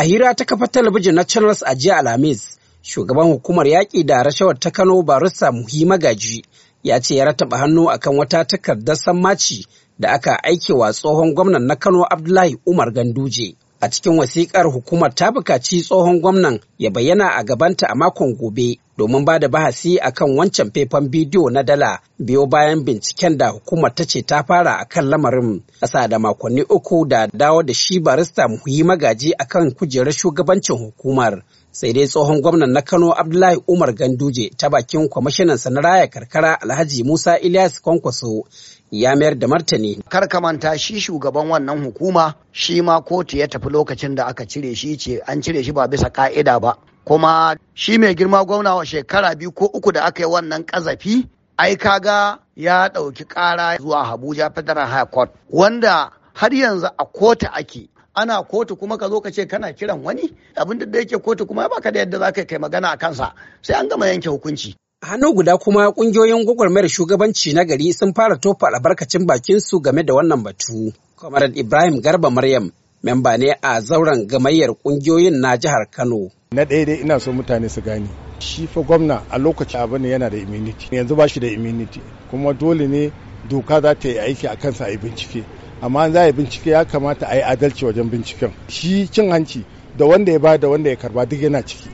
A hira ta kafa talabijin na Channels a jiya Alhamis, shugaban hukumar yaƙi da rashawar ta Kano Barista Muhimma Gaji ya ce ya rataba hannu a kan wata takardar sammaci da aka aike wa tsohon gwamnan na Kano Abdullahi Umar Ganduje. A cikin wasiƙar hukumar ta bukaci tsohon gwamnan ya bayyana a gabanta a makon gobe domin ba da bahasi akan wancan faifan bidiyo na dala biyo bayan binciken da hukumar ta ce ta fara a kan lamarin ƙasa da makonni uku da dawo da shi barista yi magaji a kan kujerar shugabancin hukumar sai dai tsohon gwamnan na kano abdullahi umar ganduje ta bakin kwamishinan na raya karkara alhaji musa ilyas kwankwaso ya mayar da martani kar ka manta shi shugaban wannan hukuma shi ma kotu ya tafi lokacin da aka cire shi ce an cire shi ba bisa ka'ida ba kuma shi mai girma gwamna wa shekara biyu ko uku da aka yi wannan kazafi ai kaga ya ɗauki ƙara zuwa Habuja Federal High Court wanda har yanzu a kotu ake ana kotu kuma ka zo ka ce kana kiran wani abin da yake kotu kuma baka da yadda za ka kai magana a kansa sai an gama yanke hukunci. hannu guda kuma kungiyoyin gwagwarmayar shugabanci na gari sun fara tofa albarkacin bakin su game da wannan batu. Kamar Ibrahim Garba Maryam, memba ne a zauren gamayyar kungiyoyin na jihar Kano. na ɗaya dai ina so mutane su gane shi fa gwamna a lokaci abu ne yana da immunity yanzu ba shi da immunity kuma dole ne doka za ta yi aiki a kansa a yi bincike amma za a yi bincike ya kamata a yi adalci wajen binciken shi cin hanci da wanda ya ba da wanda ya karba duk yana ciki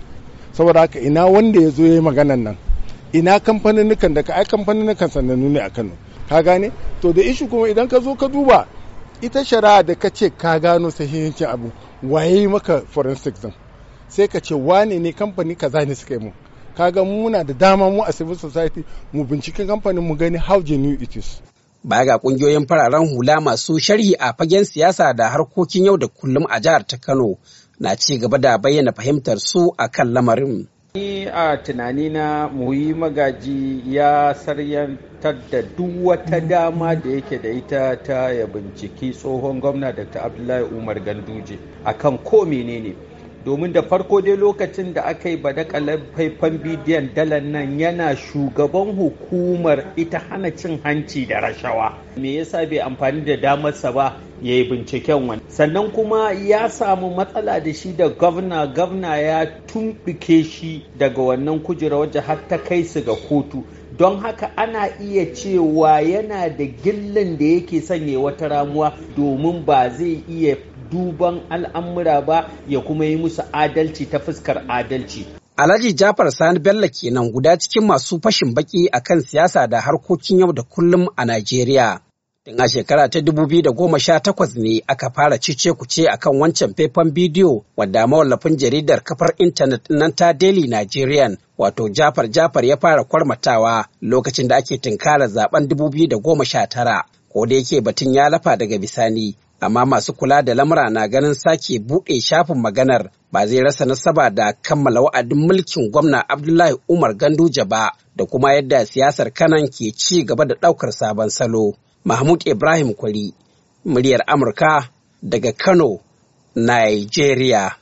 saboda haka ina wanda ya zo ya yi maganan nan ina kamfanin da ka ai kamfanin sanannu ne a kano ka gane to da ishu kuma idan ka zo ka duba ita shari'a da ka ce ka gano sahihancin abu waye maka forensic din sai ka ce wane ne kamfani kaza ne suka yi mu kaga muna da dama mu a civil society mu binciki kamfanin mu gani how genuine it is baya ga kungiyoyin fararen hula masu sharhi a fagen siyasa da harkokin yau da kullum a jihar ta Kano na ci gaba da bayyana fahimtar su a kan lamarin ni a tunani na muyi magaji ya saryantar da duk wata dama da yake da ita ta ya binciki tsohon gwamna dr abdullahi umar ganduje akan ko menene domin da farko dai lokacin da aka yi badakalar faifan bidiyon dalar nan yana shugaban hukumar ita hana cin hanci da rashawa me yasa bai amfani da damarsa ba ya yi binciken wani sannan kuma ya samu matsala da shi da gwamna gwamna ya tumbike shi daga wannan kujera wajen har ta kai su ga kotu don haka ana iya cewa yana da gillin da yake sanya wata ramuwa domin ba zai iya duban al'amura ba ya kuma yi musu adalci ta fuskar adalci. Alhaji Jafar Sani Bello kenan guda cikin masu fashin baki a kan siyasa da harkokin yau da kullum a Najeriya. Tun a shekara ta dubu biyu da goma sha takwas ne aka fara cice kuce a kan wancan faifan bidiyo wadda mawallafin jaridar kafar intanet nan ta Daily Nigerian wato Jafar Jafar ya fara kwarmatawa lokacin da ake tunkarar zaben dubu biyu da goma sha tara. Ko da yake batun ya lafa daga bisani amma masu kula da lamura na ganin sake buɗe shafin maganar ba zai rasa nasaba da kammala wa'adin mulkin gwamna Abdullahi Umar Ganduje ba da kuma yadda siyasar kanan ke ci gaba da ɗaukar sabon salo. Mahmud Ibrahim Kwari, muryar Amurka daga Kano, Nigeria.